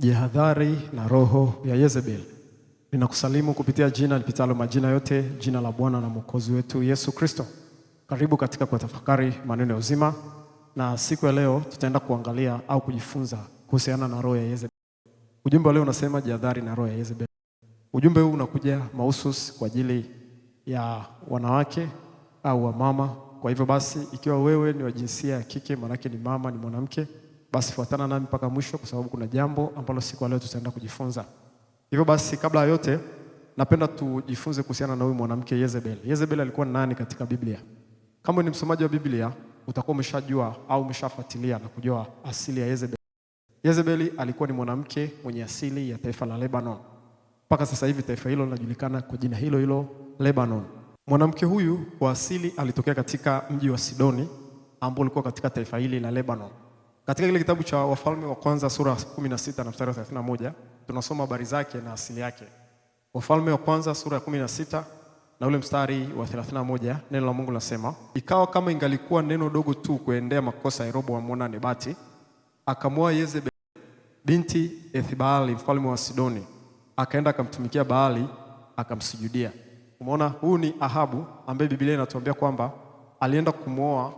Jihadhari na roho ya yezebel Ninakusalimu kupitia jina lipitalo majina yote, jina la Bwana na Mwokozi wetu Yesu Kristo. Karibu katika kutafakari maneno ya uzima, na siku ya leo tutaenda kuangalia au kujifunza kuhusiana na roho ya Yezebel. Ujumbe wa leo unasema jihadhari na roho ya Yezebel. Ujumbe huu unakuja mahususi kwa ajili ya wanawake au wamama. Kwa hivyo basi, ikiwa wewe ni wa jinsia ya kike, maanake ni mama, ni mwanamke basi fuatana nami mpaka mwisho, kwa sababu kuna jambo ambalo siku leo tutaenda kujifunza. Hivyo basi, kabla ya yote, napenda tujifunze kuhusiana na huyu mwanamke Yezebel. Yezebel alikuwa nani katika Biblia? Kama ni msomaji wa Biblia utakuwa umeshajua au umeshafuatilia na kujua asili ya Yezebel. Yezebel alikuwa ni mwanamke mwenye asili ya taifa la Lebanon. Mpaka sasa hivi taifa hilo linajulikana kwa jina hilo hilo Lebanon. Mwanamke huyu kwa asili alitokea katika mji wa Sidoni ambao ulikuwa katika taifa hili la Lebanon. Katika kile kitabu cha Wafalme wa Kwanza sura 16 na mstari wa 31 tunasoma habari zake na asili yake. Wafalme wa Kwanza sura ya 16 na ule mstari wa 31, neno la Mungu linasema, ikawa kama ingalikuwa neno dogo tu kuendea makosa ya wa mwana Nebati, akamwoa yezebel binti Ethbaali mfalme wa Sidoni, akaenda akamtumikia Baali akamsujudia. Umeona, huu ni Ahabu ambaye Biblia inatuambia kwamba alienda kumwoa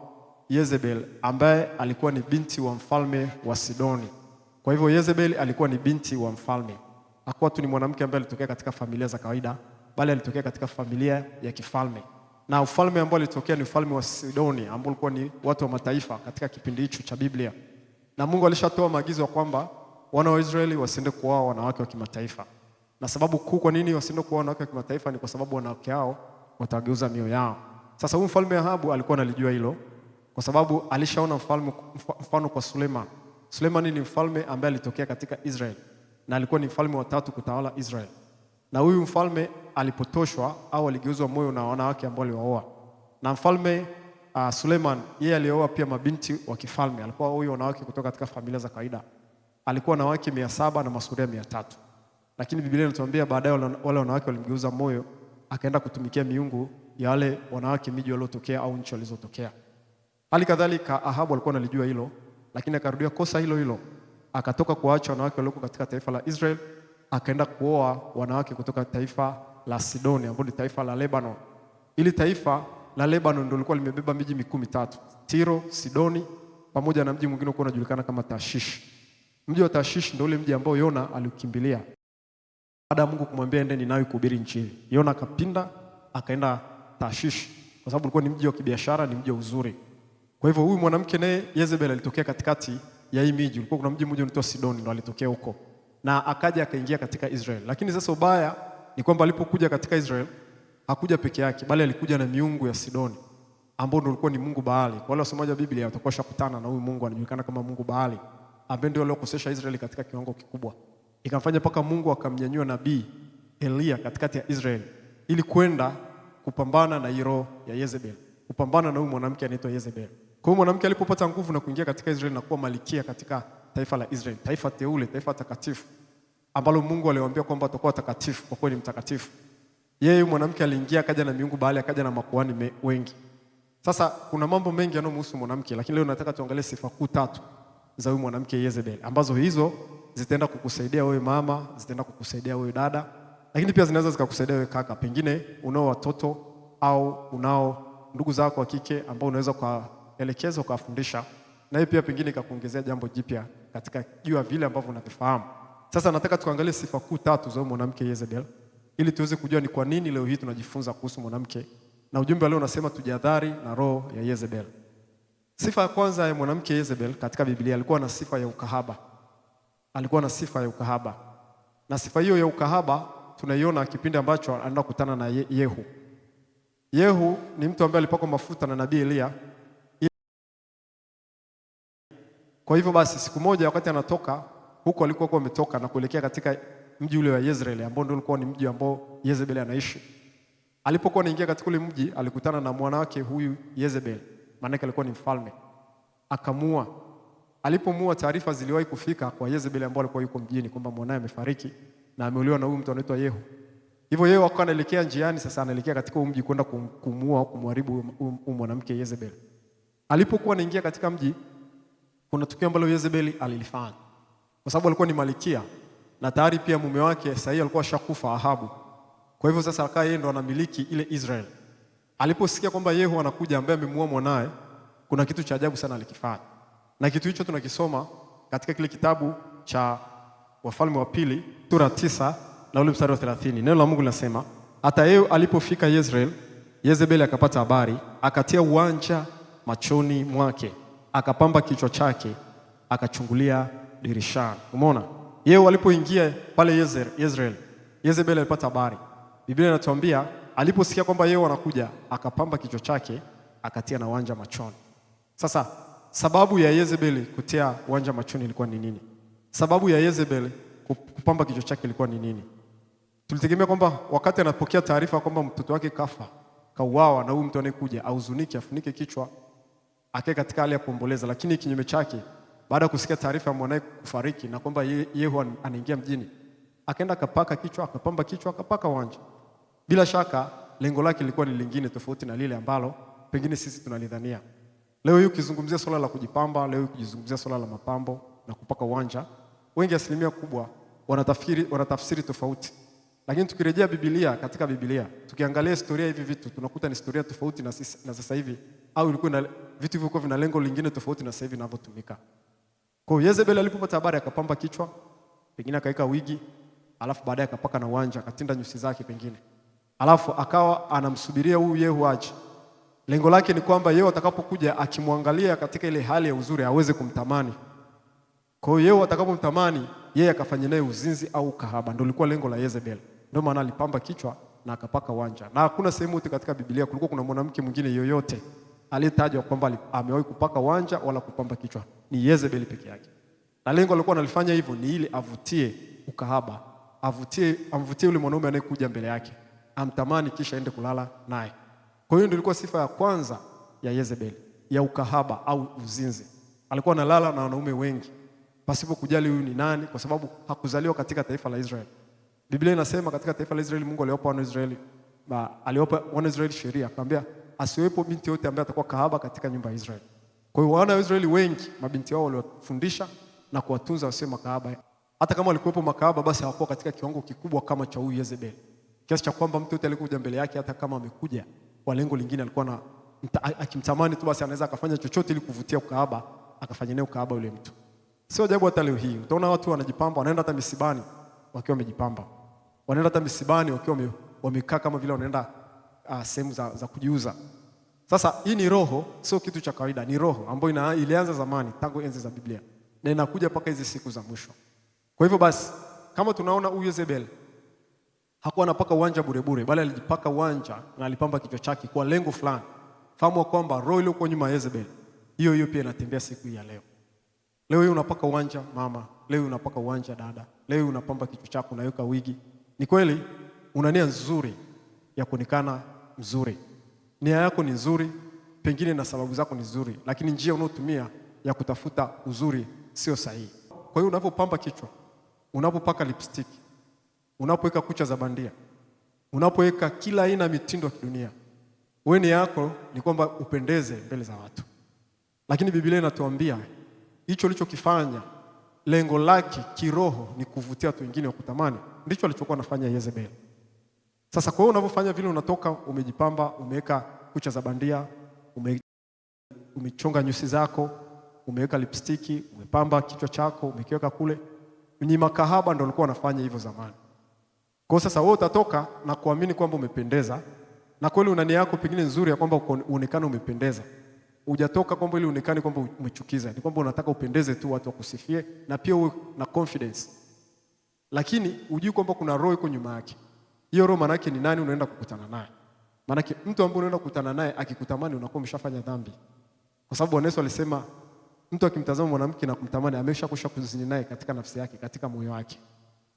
Yezebel ambaye alikuwa ni binti wa mfalme wa Sidoni. Kwa hivyo Yezebel alikuwa ni binti wa mfalme. Hakuwa tu ni mwanamke ambaye alitokea katika familia za kawaida, bali alitokea katika familia ya kifalme. Na ufalme ambao alitokea ni ufalme wa Sidoni ambao ulikuwa ni watu wa mataifa katika kipindi hicho cha Biblia. Na Mungu alishatoa maagizo kwamba wana wa Israeli wasiende kuoa wanawake wa kimataifa. Na sababu kuu kwa nini wasiende kuoa wanawake wa kimataifa ni kwa sababu wanawake hao watageuza mioyo yao. Sasa huyu mfalme Ahabu alikuwa analijua hilo kwa sababu alishaona mfalme mfano kwa Suleiman. Suleiman ni mfalme ambaye alitokea katika Israel na alikuwa ni mfalme wa tatu kutawala Israel, na huyu mfalme alipotoshwa au aligeuzwa moyo na wanawake ambao aliwaoa, na mfalme uh, Suleiman yeye alioa pia mabinti wa kifalme, alikuwa huyu wanawake kutoka katika familia za kawaida, alikuwa na wake mia saba na masuria mia tatu lakini Biblia inatuambia baadaye wale wanawake walimgeuza moyo, akaenda kutumikia miungu ya wale wanawake miji waliotokea au nchi walizotokea. Hali kadhalika Ahabu alikuwa analijua hilo, lakini akarudia kosa hilo hilo, akatoka kuacha wanawake walioko katika taifa la Israel, akaenda kuoa wanawake kutoka taifa la Sidoni ambao ni taifa la Lebanon. Ili taifa la Lebanon ndio lilikuwa limebeba miji mikuu mitatu, Tiro, Sidoni pamoja na mji mwingine ulikuwa unajulikana kama Tashish. Mji wa Tashish ndio ule mji ambao Yona alikimbilia baada ya Mungu kumwambia ende Ninawi kuhubiri Injili. Yona akapinda akaenda Tashish kwa sababu ulikuwa ni mji wa kibiashara, ni mji wa uzuri. Kwa hivyo huyu mwanamke naye Jezebel alitokea katikati ya hii miji. Ulikuwa kuna mji mmoja unaitwa Sidoni ndo alitokea huko. Na akaja akaingia katika Israel. Lakini sasa ubaya ni kwamba alipokuja katika Israel hakuja peke yake bali alikuja na miungu ya Sidoni ambao ndio ulikuwa ni mungu Baali. Kwa wale wasomaji wa Biblia watakuwa washakutana na huyu mungu anajulikana kama mungu Baali ambaye ndio aliokosesha Israeli katika kiwango kikubwa. Ikamfanya mpaka Mungu akamnyanyua nabii Elia katikati ya Israeli ili kwenda kupambana na hii roho ya Yezebel, kupambana na huyu mwanamke anaitwa Yezebel. Kwa hiyo mwanamke alipopata nguvu na kuingia katika Israeli na kuwa malikia katika taifa la Israeli, taifa teule, taifa takatifu ambalo Mungu aliwaambia kwamba atakuwa takatifu, kwa kweli mtakatifu. Yeye mwanamke aliingia akaja na miungu Baali, akaja na makuhani wengi. Sasa kuna mambo mengi yanayomhusu mwanamke, lakini leo nataka tuangalie sifa kuu tatu za huyu mwanamke Yezebel, ambazo hizo zitaenda kukusaidia wewe mama, zitaenda kukusaidia wewe dada, lakini pia zinaweza zikakusaidia wewe kaka. Pengine unao watoto au unao ndugu zako wa kike ambao unaweza kwa elekeza, ukawafundisha, na hii pia pengine ikakuongezea jambo jipya katika juu ya vile ambavyo unavifahamu. Sasa nataka tuangalie sifa kuu tatu za mwanamke Yezebel ili tuweze kujua ni kwa nini leo hii tunajifunza kuhusu mwanamke, na ujumbe leo unasema tujadhari na roho ya Yezebel. Sifa ya kwanza ya mwanamke Yezebel katika Biblia alikuwa na sifa ya ukahaba, alikuwa na sifa ya ukahaba, na sifa hiyo ya ukahaba tunaiona kipindi ambacho anakutana na Yehu. Yehu ni mtu ambaye alipakwa mafuta na nabii Eliya Kwa hivyo basi, siku moja wakati anatoka huko alikokuwa ametoka na kuelekea katika mji ule wa Yezreeli ambao ndio ulikuwa ni mji ambao Yezebeli anaishi. Alipokuwa anaingia katika ule mji alikutana na mwanawake huyu Yezebel, maana yake alikuwa ni mfalme, akamua. Alipomua, taarifa ziliwahi kufika kwa Yezebeli ambaye alikuwa yuko mjini kwamba mwanae amefariki na ameuliwa na huyu mtu anaitwa Yehu. Hivyo yeye akawa anaelekea njiani, sasa anaelekea katika mji kwenda kumuua au kumharibu huyu mwanamke Yezebel. Alipokuwa anaingia katika mji kuna tukio ambalo Yezebeli alilifanya kwa sababu alikuwa ni malikia na tayari pia mume wake sahii alikuwa shakufa Ahabu. Kwa hivyo sasa akawa yeye ndo anamiliki ile Israel. Aliposikia kwamba Yehu anakuja ambaye amemuua mwanae, kuna kitu cha ajabu sana alikifanya, na kitu hicho tunakisoma katika kile kitabu cha Wafalme wa Pili sura tisa na ule mstari wa 30. Neno la Mungu linasema hata Yehu alipofika Israel, Yezebeli akapata habari, akatia uwanja machoni mwake akapamba kichwa chake akachungulia dirishani. Umeona? Yeye walipoingia pale Yezreel, Yezebeli alipata habari. Biblia inatuambia aliposikia kwamba yeye wanakuja, akapamba kichwa chake akatia na wanja machoni. Sasa sababu ya Yezebeli kutia wanja machoni ilikuwa ni nini? Sababu ya Yezebeli kupamba kichwa chake ilikuwa ni nini? Tulitegemea kwamba wakati anapokea taarifa kwamba mtoto wake kafa, kauawa, na huyu mtu anayekuja ahuzunike, afunike kichwa akae katika hali ya kuomboleza, lakini kinyume chake, baada ya kusikia taarifa ya mwanae kufariki na kwamba Yehu anaingia mjini, akaenda akapaka kichwa, akapamba kichwa, akapaka wanja. Bila shaka lengo lake lilikuwa ni lingine tofauti na lile ambalo pengine sisi tunalidhania. Leo hii ukizungumzia swala la kujipamba, leo ukizungumzia swala la mapambo na kupaka wanja, wengi asilimia kubwa wanatafsiri, wanatafsiri tofauti. Lakini tukirejea Biblia, katika Biblia tukiangalia historia hivi vitu tunakuta ni historia tofauti na, sisi, na sasa hivi au ilikuwa na vitu hivyo vina lengo lingine tofauti na sasa hivi inavyotumika. Kwa hiyo Yezebeli alipopata habari akapamba kichwa, pengine akaweka wigi, alafu baadaye akapaka na uwanja, akatinda nyusi zake pengine. Alafu akawa anamsubiria huyu Yehu aje. Lengo lake ni kwamba yeye atakapokuja akimwangalia katika ile hali ya uzuri aweze kumtamani. Kwa hiyo yeye atakapomtamani, yeye akafanya naye uzinzi au kahaba. Ndio lilikuwa lengo la Yezebeli. Ndio maana alipamba kichwa na akapaka uwanja. Na hakuna sehemu yote katika Biblia kulikuwa kuna mwanamke mwingine yoyote aliyetajwa kwamba amewahi kupaka wanja wala kupamba kichwa ni Yezebeli peke yake, na lengo alikuwa analifanya hivyo ni ili avutie ukahaba, avutie, amvutie yule mwanaume anayekuja mbele yake, amtamani kisha aende kulala naye. Kwa hiyo ndio ilikuwa sifa ya kwanza ya Yezebeli ya ukahaba au uzinzi. Alikuwa analala na wanaume wengi pasipo kujali huyu ni nani, kwa sababu hakuzaliwa katika taifa la Israeli. Biblia inasema katika taifa la Israeli Mungu aliwapa Wanaisraeli aliwapa Israeli sheria akamwambia asiwepo binti yote ambaye atakuwa kahaba katika nyumba ya Israeli. Kwa hiyo wana wa Israeli wengi mabinti wao waliwafundisha na kuwatunza wasiwe makahaba. Hata kama walikuwepo makahaba, basi hawakuwa katika kiwango kikubwa kama cha huyu Yezebeli, kiasi cha kwamba mtu yote alikuja mbele yake, hata kama amekuja kwa lengo lingine, alikuwa na akimtamani tu, basi anaweza akafanya chochote ili kuvutia ukahaba, akafanya naye ukahaba yule mtu. Sio ajabu hata leo hii utaona watu wanajipamba, wanaenda hata misibani wakiwa wamejipamba, wanaenda hata misibani wakiwa wamekaa kama vile wanaenda uh, sehemu za, za kujiuza. Sasa hii ni roho, sio kitu cha kawaida, ni roho ambayo ilianza zamani tangu enzi za Biblia na inakuja mpaka hizi siku za mwisho. Kwa hivyo basi, kama tunaona huyu Yezebeli hakuwa anapaka uwanja burebure, bali alijipaka uwanja na alipamba kichwa chake kwa lengo fulani. Fahamu kwamba roho iliyokuwa nyuma ya Yezebeli hiyo hiyo pia inatembea siku hii ya leo. Leo hii unapaka uwanja mama, leo unapaka uwanja dada, leo unapamba kichwa chako, unaweka wigi. Ni kweli una nia nzuri ya kuonekana mzuri, nia yako ni nzuri, pengine na sababu zako ni nzuri, lakini njia unayotumia ya kutafuta uzuri sio sahihi. Kwa hiyo unapopamba kichwa, unapopaka lipstick, unapoweka kucha za bandia, unapoweka kila aina ya mitindo ya kidunia, wewe nia yako ni kwamba upendeze mbele za watu, lakini Biblia inatuambia hicho ulichokifanya lengo lake kiroho ni kuvutia watu wengine wa kutamani. Ndicho alichokuwa anafanya Yezebeli. Sasa kwa hiyo unavyofanya vile, unatoka umejipamba, umeweka kucha za bandia, ume, umechonga nyusi zako, umeweka lipstiki, umepamba kichwa chako, umekiweka kule. Ni makahaba ndio walikuwa wanafanya hivyo zamani. Kwa sasa wewe utatoka na kuamini kwamba umependeza na kweli una nia yako pengine nzuri ya kwamba uonekane umependeza. Hujatoka kwamba ili uonekane kwamba umechukiza, ni kwamba unataka upendeze tu, watu wakusifie na pia uwe na confidence, lakini ujui kwamba kuna roho iko nyuma yake. Hiyo roho maana ni nani unaenda kukutana naye? Maana mtu ambaye unaenda kukutana naye akikutamani unakuwa umeshafanya dhambi. Kwa sababu Bwana Yesu alisema mtu akimtazama mwanamke na kumtamani ameshakwisha kuzini naye katika nafsi yake, katika moyo wake.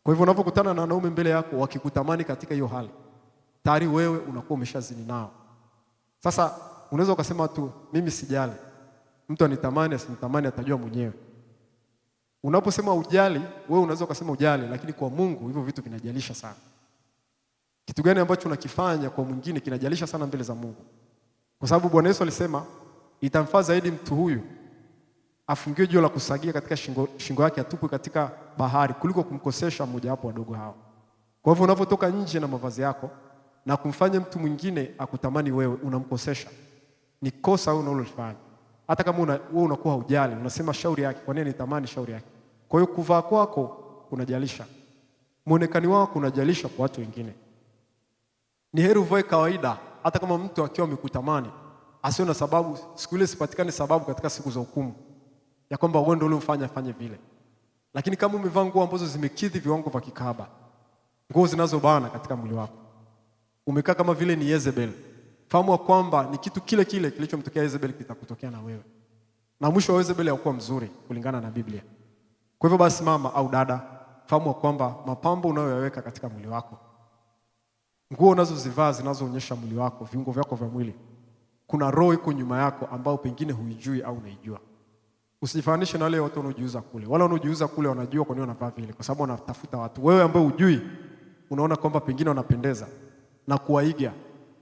Kwa hivyo unapokutana na wanaume mbele yako wakikutamani katika hiyo hali, tayari wewe unakuwa umeshazini nao. Sasa unaweza ukasema tu mimi sijali. Mtu anitamani asinitamani atajua mwenyewe. Unaposema ujali, wewe unaweza ukasema ujali, lakini kwa Mungu hivyo vitu vinajalisha sana. Kitu gani ambacho unakifanya kwa mwingine kinajalisha sana mbele za Mungu, kwa sababu Bwana Yesu alisema itamfaa zaidi mtu huyu afungiwe jiwe la kusagia katika shingo, shingo yake atupwe katika bahari kuliko kumkosesha mmojawapo wadogo hao. Kwa hivyo unapotoka nje na mavazi yako na kumfanya mtu mwingine akutamani wewe, unamkosesha. Ni kosa wewe unalofanya, hata kama una, wewe unakuwa hujali, unasema shauri yake, kwa nini nitamani shauri yake? Kwa hiyo kuvaa kwako kunajalisha, muonekano wako unajalisha kwa watu wengine. Ni heri uvae kawaida, hata kama mtu akiwa amekutamani, asiwe na sababu. Siku ile sipatikane sababu katika siku za hukumu ya kwamba wewe ndio uliofanya fanye vile. Lakini kama umevaa nguo ambazo zimekidhi viwango vya kikaba, nguo zinazobana katika mwili wako, umekaa kama vile ni Yezebel, fahamu kwamba ni kitu kile kile kilichomtokea Yezebel kitakutokea na wewe, na mwisho wa Yezebel haukuwa mzuri kulingana na Biblia. Kwa hivyo basi, mama au dada, fahamu kwamba mapambo unayoyaweka katika mwili wako nguo unazozivaa zinazoonyesha mwili wako, viungo vyako vya mwili, kuna roho iko nyuma yako ambayo pengine huijui au unaijua. Usifananishe na wale watu wanaojiuza kule. Wale wanaojiuza kule wanajua kwa nini wanavaa vile, kwa sababu wanatafuta watu. Wewe ambaye hujui, unaona kwamba pengine wanapendeza na kuwaiga.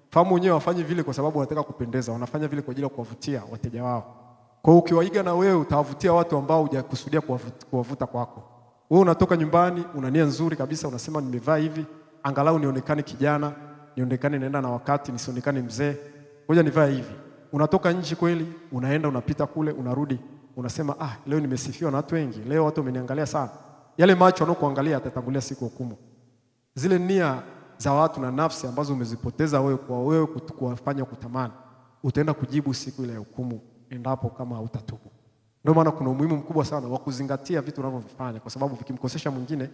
Fahamu wenyewe wafanye vile kwa sababu wanataka kupendeza, wanafanya vile kwa ajili ya kuwavutia wateja wao. Kwa hiyo ukiwaiga na wewe utawavutia watu ambao hujakusudia kuwavuta kwako. Wewe unatoka nyumbani una nia nzuri kabisa, unasema nimevaa hivi angalau nionekane kijana, nionekane naenda na wakati, nisionekane mzee. Ngoja nivae hivi. Unatoka nje kweli, unaenda unapita kule, unarudi, unasema ah, leo nimesifiwa na watu wengi, leo watu wameniangalia sana. Yale macho wanaokuangalia atatangulia siku hukumu. Zile nia za watu na nafsi ambazo umezipoteza wewe kwa wewe kuwafanya kutamani, utaenda kujibu siku ile ya hukumu, endapo kama hautatubu. Ndio maana kuna umuhimu mkubwa sana wa kuzingatia vitu unavyovifanya, kwa sababu vikimkosesha mwingine,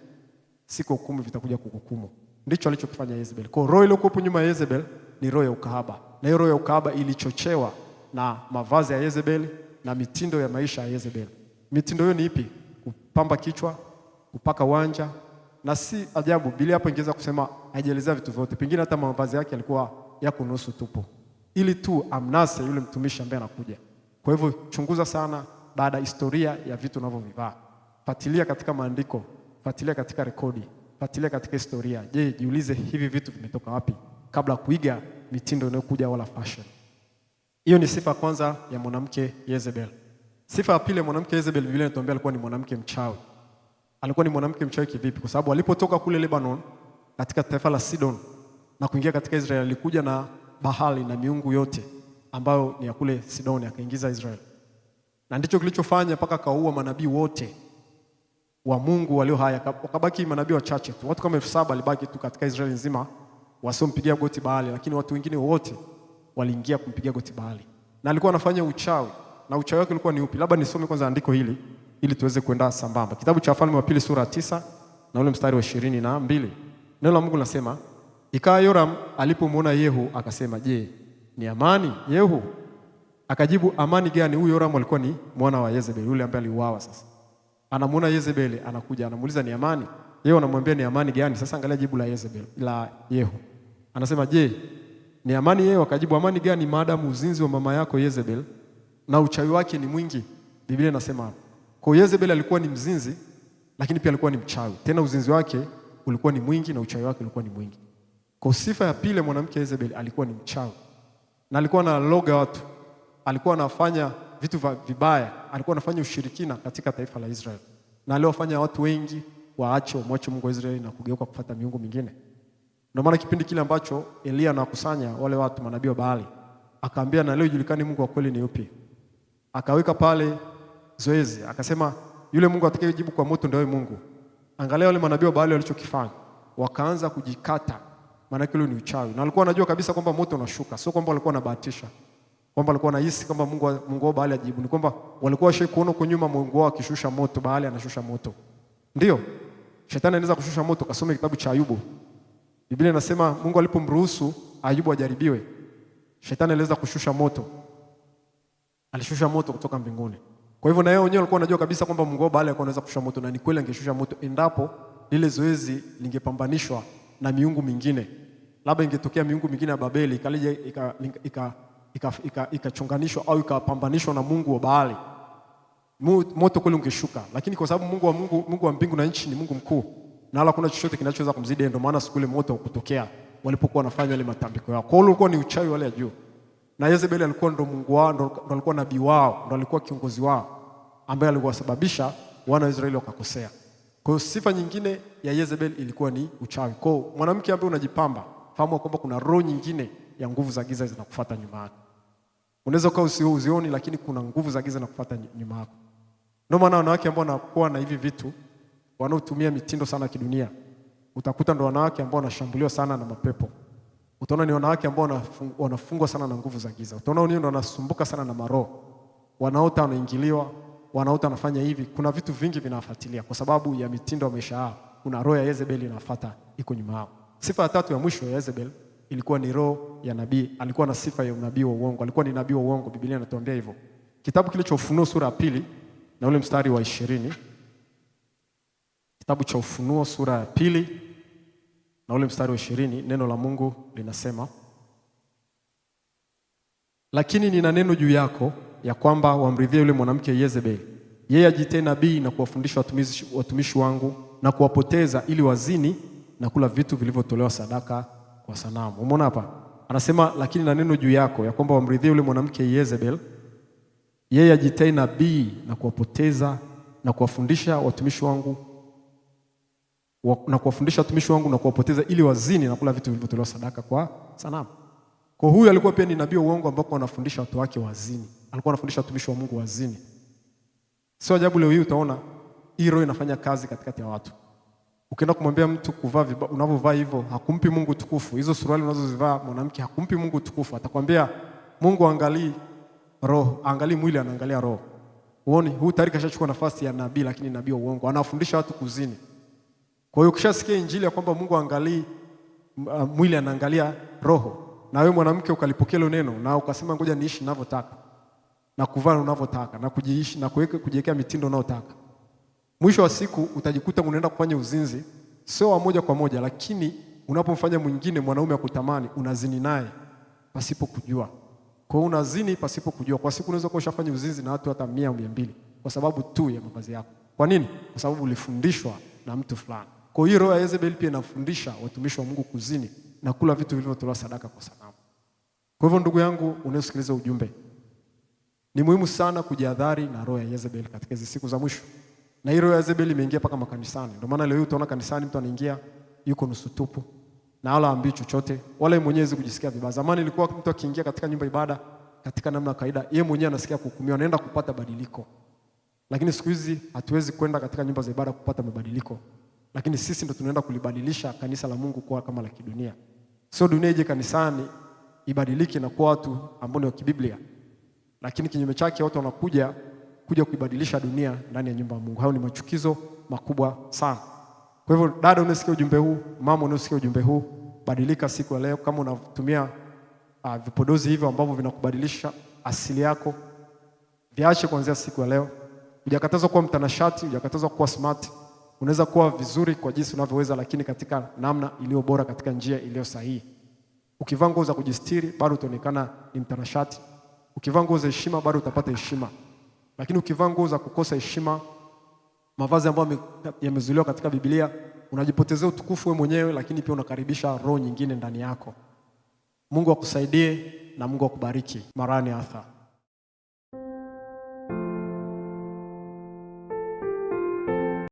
siku hukumu vitakuja kukuhukumu. Ndicho alichokifanya Yezebel. Kwa hiyo roho iliyokuwepo nyuma ya Yezebel ni roho ya ukahaba, na hiyo roho ya ukahaba ilichochewa na mavazi ya Yezebel na mitindo ya maisha ya Yezebel. Mitindo hiyo ni ipi? Kupamba kichwa, kupaka wanja, na si ajabu bila hapo ingeweza kusema haijaelezea vitu vyote, pengine hata mavazi yake yalikuwa yako nusu tupu, ili tu amnase yule mtumishi ambaye anakuja. Kwa hivyo chunguza sana baada historia ya vitu unavyovivaa, fuatilia katika maandiko, fuatilia katika rekodi fuatilia katika historia. Je, jiulize hivi vitu vimetoka wapi kabla kuiga mitindo inayokuja wala fashion. Hiyo ni sifa kwanza ya mwanamke Jezebel. Sifa ya pili ya mwanamke Jezebel, Biblia inatuambia alikuwa ni mwanamke mchawi. Alikuwa ni mwanamke mchawi kivipi? Kwa sababu alipotoka kule Lebanon katika taifa la Sidon na kuingia katika Israel alikuja na bahali na miungu yote ambayo ni ya kule sidon akaingiza Israel, na ndicho kilichofanya mpaka akaua manabii wote wa Mungu walio hai, wakabaki manabii wachache tu. Watu kama elfu saba walibaki tu katika Israeli nzima wasiompigia goti Baali, lakini watu wengine wote waliingia kumpigia goti Baali, na alikuwa anafanya uchawi. Na uchawi wake ulikuwa ni upi? Labda nisome kwanza andiko hili ili tuweze kwenda sambamba. Kitabu cha Wafalme wa Pili sura tisa na ule mstari wa ishirini na mbili neno la Mungu linasema, ikawa Yoram alipomwona Yehu akasema, je, ni amani? Yehu akajibu, amani gani? Huyu Yoram alikuwa ni mwana wa Yezebeli, yule ambaye aliuawa sasa Anamwona Yezebel anakuja anamuuliza ni amani? Yeye anamwambia ni amani gani? Sasa angalia jibu la Yezebel, la Yehu. Anasema, "Je, ni amani yeye?" akajibu "Amani gani maadamu uzinzi wa mama yako Yezebel na uchawi wake ni mwingi?" Biblia inasema Kwa Yezebel alikuwa ni mzinzi lakini pia alikuwa ni mchawi. Tena uzinzi wake ulikuwa ni mwingi na uchawi wake ulikuwa ni mwingi. Kwa sifa ya pili mwanamke Yezebel alikuwa ni mchawi. Na alikuwa analoga watu. Alikuwa anafanya vitu vibaya, alikuwa anafanya ushirikina katika taifa la Israeli, na aliwafanya watu wengi waache wamwache Mungu wa Israeli na kugeuka kufata miungu mingine. Ndio maana kipindi kile ambacho Elia anawakusanya wale watu manabii wa Baali, akaambia na leo julikani Mungu wa kweli ni yupi, akaweka pale zoezi, akasema yule Mungu atakayejibu kwa moto ndio Mungu. Angalia wale manabii wa Baali walichokifanya, wakaanza kujikata, maana kile ni uchawi, na walikuwa wanajua kabisa kwamba moto unashuka, sio kwamba walikuwa wanabahatisha kwamba alikuwa anahisi kwamba Mungu Mungu wao Baali ajibu, ni kwamba walikuwa washai kuona huko nyuma Mungu wao akishusha moto, Baali anashusha moto. Ndio shetani anaweza kushusha moto. Kasome kitabu cha Ayubu. Biblia inasema Mungu alipomruhusu Ayubu ajaribiwe, shetani aliweza kushusha moto, alishusha moto kutoka mbinguni. Kwa hivyo na yeye mwenyewe alikuwa anajua kabisa kwamba Mungu wao Baali alikuwa anaweza kushusha moto, na ni kweli angeshusha moto endapo lile zoezi lingepambanishwa na miungu mingine, labda ingetokea miungu mingine ya Babeli ikalija ika, ika, ika ikachunganishwa ika, ika au ikapambanishwa na Mungu wa bahari moto kule ungeshuka, lakini kwa sababu Mungu wa, Mungu, Mungu wa mbingu na nchi ni Mungu mkuu na wala kuna chochote kinachoweza kumzidi. Ndio maana siku ile moto kutokea walipokuwa wanafanya ile matambiko yao. Kwa hiyo ulikuwa ni uchawi wale ya juu, na Yezebeli alikuwa ndo Mungu wao, ndo alikuwa nabii wao, ndo alikuwa kiongozi wao ambaye aliwasababisha wana wa Israeli wakakosea. Kwa hiyo sifa nyingine ya Yezebeli ilikuwa ni uchawi. Kwa hiyo mwanamke ambaye unajipamba, fahamu kwamba kuna roho nyingine ya nguvu za giza zinakufuata nyuma yako. Unaweza ukawa uzioni, lakini kuna nguvu za giza zinakufuata nyuma yako. Ndio maana wanawake ambao wanakuwa na hivi vitu wanaotumia mitindo sana kidunia, utakuta ndo wanawake ambao wanashambuliwa sana na mapepo. Utaona ni wanawake ambao wanafungwa sana na nguvu za giza. Utaona ni ndo wanasumbuka sana na maroho, wanaota wanaingiliwa, wanaota wanafanya hivi. Kuna vitu vingi vinafuatilia kwa sababu ya mitindo ya maisha yao. Kuna roho ya Yezebeli inafuata iko nyuma yao. Sifa ya tatu ya mwisho ya Yezebeli ilikuwa ni roho ya nabii, alikuwa na sifa ya unabii wa uongo, alikuwa ni nabii wa uongo. Biblia inatuambia hivyo, kitabu kile cha Ufunuo sura ya pili na ule mstari wa ishirini. Kitabu cha Ufunuo sura ya pili na ule mstari wa ishirini, neno la Mungu linasema lakini nina neno juu yako ya kwamba wamridhie yule mwanamke Yezebeli, yeye ajitee nabii na kuwafundisha watumishi wangu na kuwapoteza, ili wazini na kula vitu vilivyotolewa sadaka kwa sanamu. Umeona hapa anasema, lakini na neno juu yako ya kwamba wamridhie yule mwanamke Yezebel, yeye ajitai nabii na kuwapoteza na kuwafundisha watumishi wangu na kuwafundisha watumishi wangu na kuwapoteza, ili wazini na kula vitu vilivyotolewa sadaka kwa sanamu. Kwa huyu alikuwa pia ni nabii wa uongo, ambapo anafundisha watu wake wazini, alikuwa anafundisha watumishi wa Mungu wazini. Sio ajabu leo hii utaona hii roho inafanya kazi katikati ya watu. Ukienda kumwambia mtu kuvaa vibaya, unavyovaa hivyo hakumpi Mungu tukufu. Hizo suruali unazozivaa mwanamke hakumpi Mungu tukufu. Atakwambia Mungu angalii roho, angalii mwili, anaangalia roho. Uone huu tayari kashachukua nafasi ya nabii, lakini nabii wa uongo anawafundisha watu kuzini. Kwa hiyo ukishasikia injili ya kwamba Mungu angalii mwili, anaangalia roho, na wewe mwanamke ukalipokea neno na ukasema ngoja niishi ninavyotaka na kuvaa unavyotaka na kujiishi na kujiwekea mitindo unayotaka mwisho wa siku utajikuta unaenda kufanya uzinzi, sio wa moja kwa moja, lakini unapomfanya mwingine mwanaume akutamani, unazini naye pasipo kujua. Kwa hiyo unazini pasipo kujua. Kwa siku unaweza kuwa kushafanya uzinzi na watu hata mia au mia mbili kwa sababu tu ya mavazi yako. Kwa nini? Kwa sababu ulifundishwa na mtu fulani. Kwa hiyo roho ya Yezebeli pia inafundisha watumishi wa Mungu kuzini na kula vitu vilivyotolewa sadaka kwa sanamu. Kwa hivyo ndugu yangu unayesikiliza ujumbe, ni muhimu sana kujihadhari na roho ya Yezebeli katika hizi siku za mwisho. Na hiyo ya Zebeli imeingia paka makanisani. Ndio maana leo utaona kanisani mtu anaingia yuko nusu tupu na wala ambii chochote, wala yeye mwenyewe kujisikia vibaya. Zamani ilikuwa mtu akiingia katika nyumba ibada katika namna ya kawaida, yeye mwenyewe anasikia kuhukumiwa, anaenda kupata badiliko. Lakini siku hizi hatuwezi kwenda katika nyumba za ibada kupata mabadiliko. Lakini sisi ndo tunaenda kulibadilisha kanisa la Mungu kuwa kama la kidunia. Sio dunia ije kanisani ibadilike na kuwa watu ambao ni wa kibiblia. Lakini kinyume chake watu wanakuja kuja kuibadilisha dunia ndani ya nyumba ya Mungu. Hayo ni machukizo makubwa sana. Kwa hivyo, dada unasikia ujumbe huu, mama unasikia ujumbe huu, badilika siku ya leo. Kama unatumia uh, vipodozi hivyo ambavyo vinakubadilisha asili yako, viache kuanzia siku ya leo. Hujakatazwa kuwa mtanashati, hujakatazwa kuwa smart. Unaweza kuwa vizuri kwa jinsi unavyoweza, lakini katika namna iliyo bora, katika njia iliyo sahihi. Ukivaa nguo za kujistiri, bado utaonekana ni mtanashati. Ukivaa nguo za heshima, bado utapata heshima. Lakini ukivaa nguo za kukosa heshima, mavazi ambayo yamezuliwa katika Biblia, unajipotezea utukufu wewe mwenyewe, lakini pia unakaribisha roho nyingine ndani yako. Mungu akusaidie na Mungu akubariki. Marani Arthur.